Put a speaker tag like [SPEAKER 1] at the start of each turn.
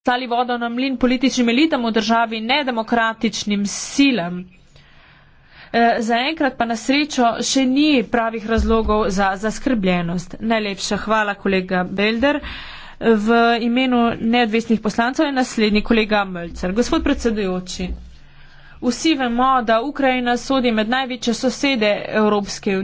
[SPEAKER 1] stali vodo na mlin političnim elitam v državi, nedemokratičnim silam. E, Zaenkrat pa na srečo še ni pravih razlogov za zaskrbljenost. Najlepša hvala, kolega Belder. V imenu neodvisnih poslancev je naslednji kolega Mölcer. Gospod predsedujoči, vsi vemo, da Ukrajina sodi med največje sosede Evropske unije.